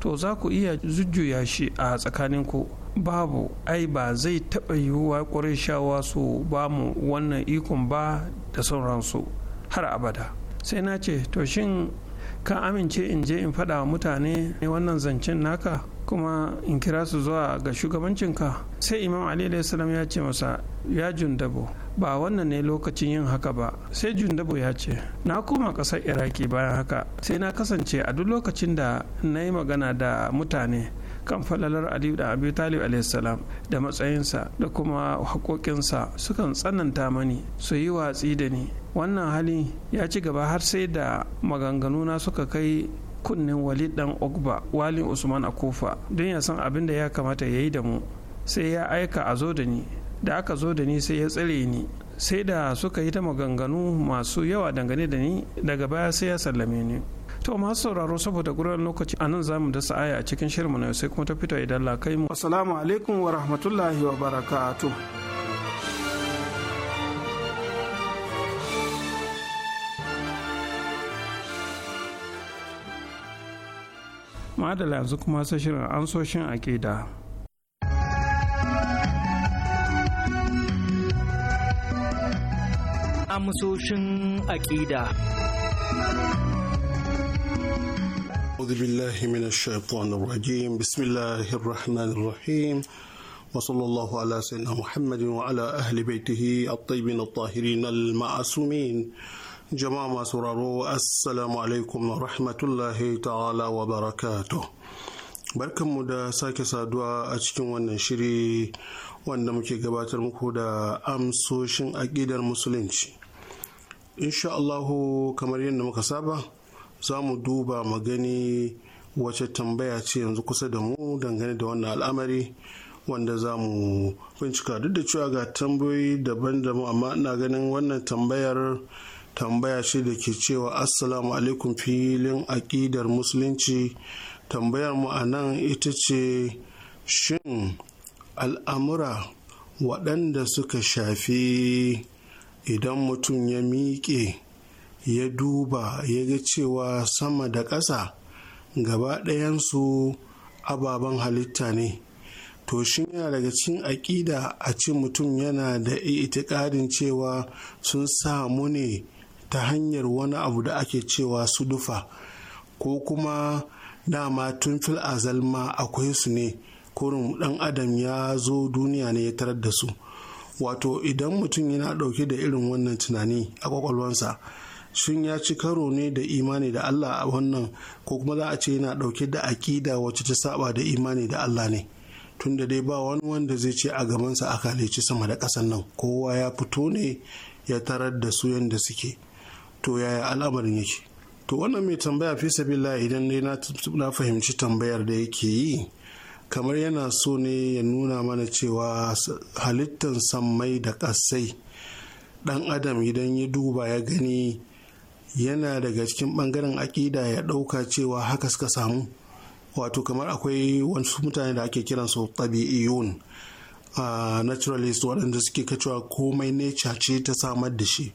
to za ku iya zujjuya shi a tsakanin ku babu ai ba zai taɓa yiwuwa shawa su ba mu wannan ikon ba da sauransu har abada sai na ce to shin ka amince in je in faɗa wa mutane wannan zancen naka kuma in kira su zuwa ga shugabancinka sai imam ali salam ya ce masa ya jundabo ba wannan ne lokacin yin haka ba sai jundabo ya ce na koma ƙasar iraki bayan haka sai na kasance a duk lokacin da na yi magana da mutane kan falalar aliyu da abu talib alaihissalam da matsayinsa da kuma haƙoƙinsa sukan tsananta mani su yi watsi da ni wannan hali ya ci gaba har sai da maganganuna suka kai kunnen walid dan ogba walin usman a kofa don ya san abin da ya kamata ya yi da mu sai ya aika a zo da ni da aka zo da ni sai ya tsare ni sai da suka yi ta maganganu masu yawa dangane da ni daga baya sai ya sallame ni to masu sauraro saboda gurin lokaci a nan zamu dasa aya a cikin shirinmu na sai kuma ta fito idan la kai mu assalamu alaikum wa rahmatullahi wa barakatuh madala yanzu kuma sai shirin ansoshin aƙida amsoshin aƙida أعوذ بالله من الشيطان الرجيم بسم الله الرحمن الرحيم وصلى الله على سيدنا محمد وعلى أهل بيته الطيبين الطاهرين المعصومين jama'a masu raro assalamu alaikum wa rahmatullahi ta'ala wa barakato barkanmu da sake saduwa a cikin wannan shiri wanda muke gabatar muku da amsoshin aƙidar musulunci insha Allahu kamar yadda muka saba za mu duba magani wace tambaya ce yanzu kusa da mu dangane da wannan al'amari wanda za mu bincika duk da cewa ga tambayoyi daban-daban amma ina ganin wannan tambayar tambaya shi da ke cewa assalamu alaikum filin aƙidar musulunci tambayar mu a nan ita ce shin al'amura waɗanda suka shafi idan mutum ya miƙe ya duba ya ga cewa sama da ƙasa gaba ɗayansu ababen halitta ne to shin yana daga cikin aƙida a ce mutum yana da itikadin cewa sun samu ne ta hanyar wani abu da ake cewa su dufa ko kuma dama tun fil azalma akwai su ne kurin dan adam ya zo duniya ne ya tarar da su wato idan mutum yana ɗauke da irin wannan tunani a kwakwalwansa shin ya ci karo ne da imani da Allah a wannan ko kuma za a ce yana ɗauke da aƙida wacce ta saba da imani da Allah ne tunda dai ba wani wanda zai ce a gabansa aka halici sama da ƙasan nan kowa ya fito ne ya tarar da su yadda suke to yaya al'amarin yake to wannan mai tambaya fi sabila idan dai na fahimci tambayar da yake yi kamar yana so ne ya nuna mana cewa halittan sammai da ƙasai ɗan adam idan ya duba ya gani yana daga cikin ɓangaren aƙida ya ɗauka cewa haka suka samu wato kamar akwai wasu mutane da ake kiran kiransu tabi'iyun naturalist waɗanda suke kacewa komai nature ce ta samar da shi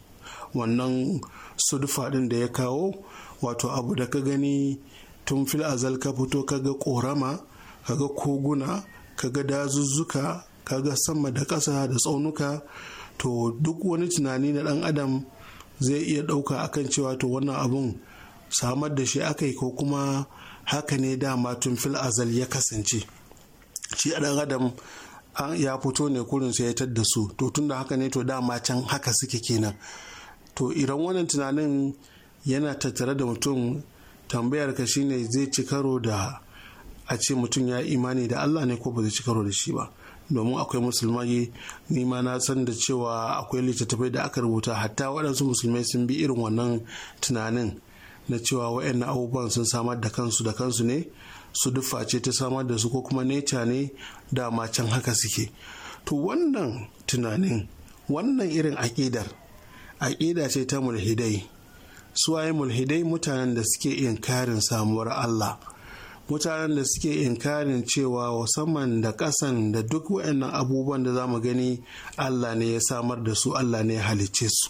wannan sudufa ɗin da ya kawo wato abu da ka gani tun fil azal ka fito kaga korama kaga koguna kaga dazuzzuka kaga sama da ƙasa da tsaunuka to duk wani tunani na ɗan adam zai iya ɗauka akan cewa to wannan abun samar da shi aka yi ko kuma haka ne dama tun fil azal ya kasance shi ɗan adam ya fito ne kurin sai ya tadda su to tunda haka ne to dama can haka suke kenan to idan wannan tunanin yana tattare da mutum tambayar ka shine zai ci karo da a ce mutum ya imani da Allah ne ko ba zai ci karo da shi ba domin akwai musulmai ni ma na san da cewa akwai littattafai da aka rubuta hatta waɗansu musulmai sun bi irin wannan tunanin na cewa waɗannan abubuwan sun samar da kansu da kansu ne su duffa ce ta samar da su ko kuma neca ne da can haka suke to wannan tunanin wannan irin aƙidar aƙida ce ta mulhidai su suwaye mulhidai mutanen da suke inkarin samuwar Allah mutanen da suke inkarin cewa musamman da ƙasan da duk waɗannan abubuwan da za mu gani Allah ne ya samar da su Allah ne ya halicce su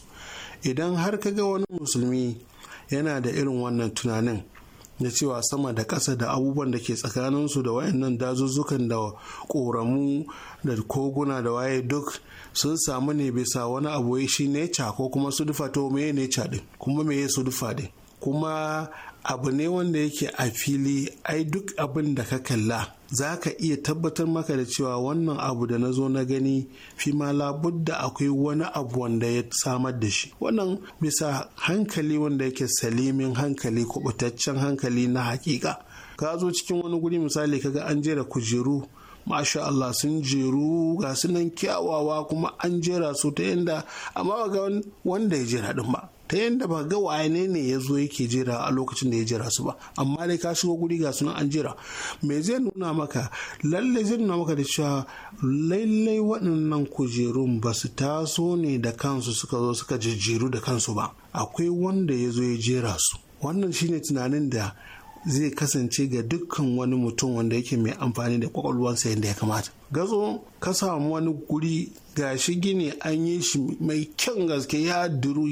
idan har ka ga wani musulmi yana da irin wannan tunanin na cewa sama da ƙasa da abubuwan da ke tsakaninsu da wayannan dazuzzukan da ƙoramu da koguna da waye duk sun samu ne bisa wani abu shi neca ko kuma dufa to me neca din kuma me ya dufa din kuma abu ne wanda yake a fili ai duk abin da ka kalla za ka iya tabbatar maka da cewa wannan abu da na zo na gani fi ma labudda akwai wani abu wanda ya samar da shi wannan bisa hankali wanda yake salimin hankali kubutaccen hankali na hakika ka zo cikin wani guri misali kaga an jera kujeru masha Allah sun jeru ga sunan kyawawa kuma an jera su ta inda amma ga wanda ya jera din ba ta yadda ba ga wane ne ya zo yake jira a lokacin da ya jira su ba amma dai ka shigo guri ga sunan an jira me zai nuna maka Lallai zai nuna maka da cewa lallai waɗannan kujerun ba su taso ne da kansu suka zo suka jijjiru da kansu ba akwai wanda ya zo ya jera su wannan shine tunanin da zai kasance ga dukkan wani mutum wanda yake mai amfani da kwakwalwarsa yadda ya kamata gazo ka samu wani guri gashi gini an yi shi mai kyan gaske ya duru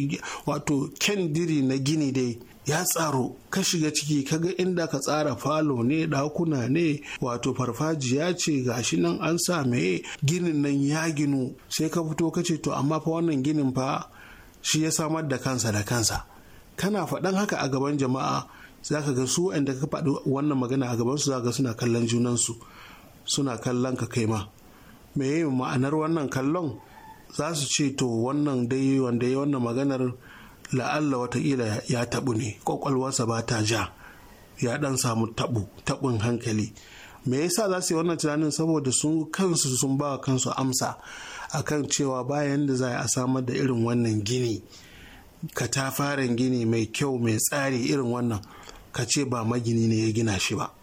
wato kyan diri na gini dai ya tsaro ka shiga ciki kaga inda ka tsara falo ne ɗakuna ne wato farfajiya ce gashi nan an sa ginin nan ya ginu sai ka fito ka ce to amma fa wannan ginin fa shi ya samar da kansa da kansa kana faɗan haka a gaban jama'a za ka ga su inda ka faɗi wannan magana a gaban su za ga suna kallon junansu suna kallon ka kai ma me ma'anar wannan kallon za su ce to wannan dai wanda ya wannan maganar la'alla watakila ya taɓu ne kwakwalwarsa ba ta ja ya ɗan samu taɓu taɓin hankali me yasa za su yi wannan tunanin saboda su kansu sun ba kansu amsa akan cewa bayan da za a samar da irin wannan gini katafaren gini mai kyau mai tsari irin wannan ka ce ba magini ne ya gina shi ba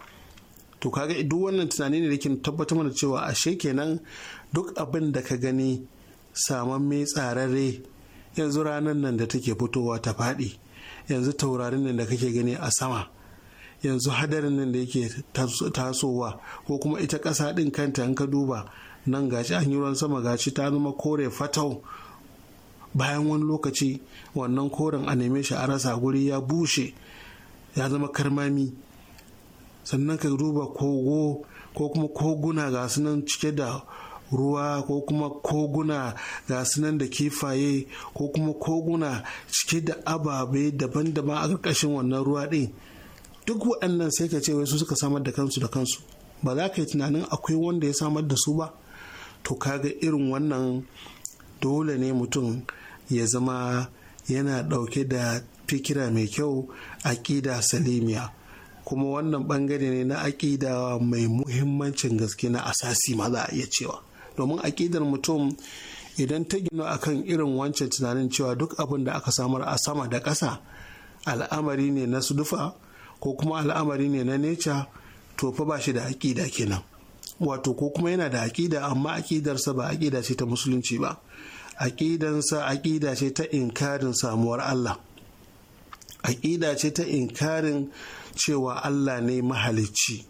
to kaga duk wannan tunani ne da ke tabbatar mana cewa ashe kenan duk abin da ka gani saman mai tsararre yanzu ranar nan da take fitowa ta faɗi yanzu taurarin nan da kake gani a sama yanzu hadarin nan da yake tasowa ko kuma ita ƙasa ɗin kanta in ka duba nan gashi an yi ruwan sama gashi ta zama kore fatau bayan wani lokaci wannan koren a neme shi a rasa guri ya bushe ya zama karmami sannan ka duba kogo ko kuma koguna ga nan cike da ruwa ko kuma koguna ga nan da kifaye ko kuma koguna cike da ababe daban-daban a ƙarƙashin wannan ruwa ɗin duk waɗannan sai ka ce su suka samar da kansu da kansu ba za ka yi tunanin akwai wanda ya samar da su ba to kaga irin wannan dole ne mutum ya zama yana ɗauke da fikira mai kyau aƙida salimiya kuma wannan bangare ne na aƙida mai muhimmancin gaske na asasi ma za a iya cewa domin aƙidar mutum idan ta gino akan irin wancan tunanin cewa duk abin da aka samar a sama da ƙasa al'amari ne na sudufa ko kuma al'amari ne na neca to fa ba shi da aƙida kenan wato ko kuma yana da aƙida amma aƙidarsa ba aƙida ce ta musulunci ba aƙidansa aƙida ce ta inkarin samuwar Allah aƙida ce ta inkarin cewa Allah ne mahalicci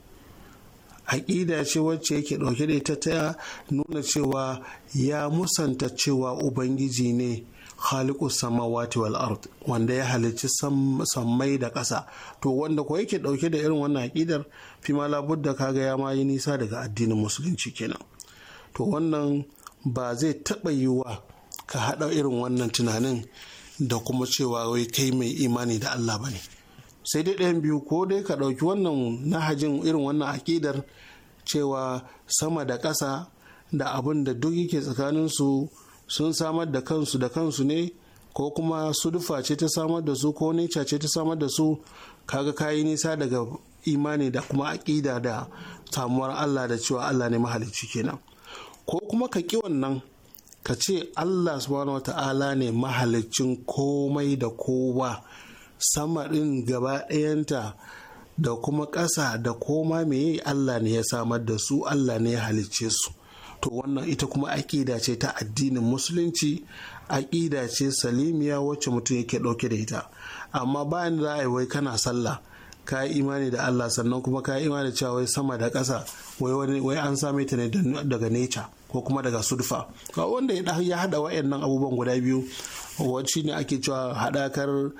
aƙida ce wacce yake ɗauke da ita ta nuna cewa ya musanta cewa ubangiji ne khaliku samawati wal ard wanda ya halicci sammai da ƙasa to wanda ko yake ɗauke da irin wannan aƙidar fi ma labudda kaga ya ma yi nisa daga addinin musulunci kenan to wannan ba zai taɓa yiwuwa ka haɗa irin wannan tunanin da kuma cewa wai kai mai imani da Allah ba ne. sai dai ɗayan biyu ko dai ka ɗauki wannan nahajin irin wannan akidar cewa sama da ƙasa da abin da duk yake tsakaninsu sun samar da kansu da kansu ne ko kuma su dufa ce ta samar da su ko nica ce ta samar da su kaga kayi nisa daga imani da kuma aƙida da samuwar Allah da cewa Allah ne mahalicci kenan ko kuma ka ƙi wannan ka ce Allah subhanahu wata'ala ne mahaliccin komai da kowa sama ɗin gaba ɗayanta da kuma ƙasa da koma meye Allah ne ya samar da su Allah ne ya halicce su to wannan ita kuma aƙida ce ta addinin musulunci aƙida ce salimiya wacce mutum yake ɗauke da ita amma bayan da za wai kana sallah ka yi imani da Allah sannan kuma ka yi imani cewa wai sama da ƙasa wai an same ta ne daga nature ko kuma daga sudfa ga wanda ya hada wayannan abubuwan guda biyu wacce ne ake cewa hadakar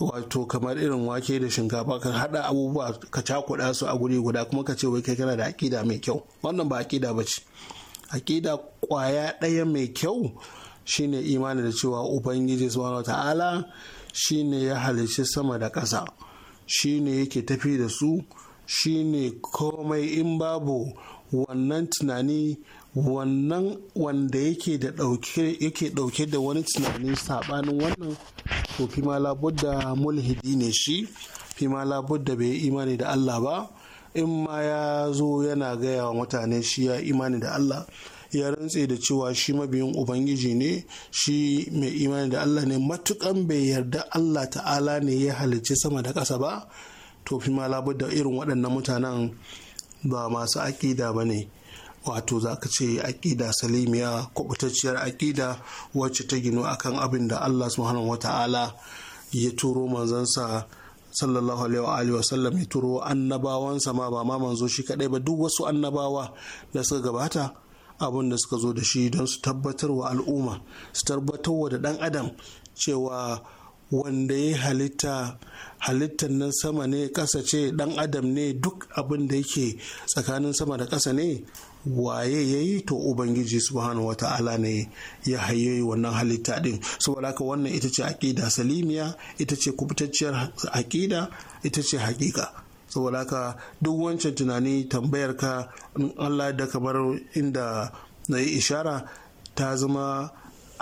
wato kamar irin wake da shinkafa kan hada abubuwa ka cakuɗa su a guri guda kuma ka ce wai kai kana da akida mai kyau wannan ba aƙida ba ce aƙida ƙwaya ɗaya mai kyau shine imani da cewa ubangiji subhanahu ta'ala shine ya halicci sama da ƙasa shine yake tafi da su shine komai in babu wannan tunani wannan wanda yake da yake dauke da wani tunani sabanin wannan to fi ma labudda mulhidi ne shi fi ma labudda bai imani da Allah ba in ma ya zo yana gaya wa mutane shi ya imani da Allah ya rantse da cewa shi mabiyin ubangiji ne shi mai imani da Allah ne matukan bai yarda Allah ta'ala ne ya halicci sama da ƙasa ba to fi ma labudda irin waɗannan mutanen ba masu aƙida ba ne wato za ka ce aƙida salimiya kwabtacciyar aƙida wacce ta gino akan abin da Allah subhanahu wata'ala ya turo manzansa sallallahu alaihi wa sallam ya turo annabawansa ma ba ma manzo shi kadai ba duk wasu annabawa da suka gabata abin da suka zo da shi don su tabbatar wa al'umma su tabbatar wa da dan adam cewa wanda ya halitta halittar nan sama ne ƙasa ce dan adam ne duk abin da yake tsakanin sama da ƙasa ne waye ya yi to ubangiji subhanahu wa ta'ala ne ya haye wannan halitta din saboda haka wannan ita ce aƙida salimiya ita ce kubutacciyar aƙida ita ce haƙiƙa saboda haka duk wancan tunani tambayar ka in allah da kamar inda na yi ishara ta zama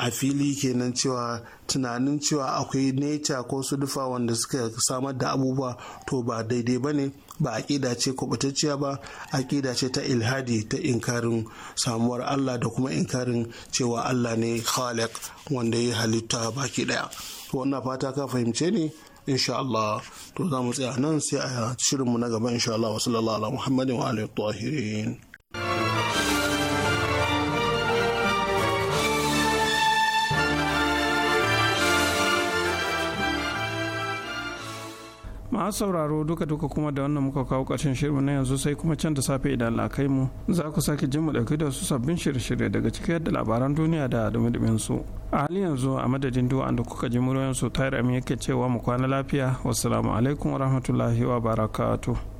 a fili kenan cewa tunanin cewa akwai neca ko su dufa wanda suka samar da abubuwa to ba daidai ba ne ba aƙida ce kubutacciya ba aƙida ce ta ilhadi ta inkarin samuwar Allah da kuma inkarin cewa Allah ne khaliq wanda ya halitta baki ɗaya to wannan fata ka fahimce ne insha Allah to za mu tsaya nan sai a shirinmu na gaba insha Allah wa sallallahu muhammadin wa alihi masu sauraro duka duka kuma da wannan muka kawo ƙarshen shirin na yanzu sai kuma can da safe idan lakai mu za ku sake jin mu dauki da su sabbin shirye-shirye daga cikin yadda labaran duniya da dumi su a halin yanzu a madadin duwa da kuka ji muryoyin su tayar yake cewa mu kwana lafiya wassalamu alaikum warahmatullahi wabarakatuh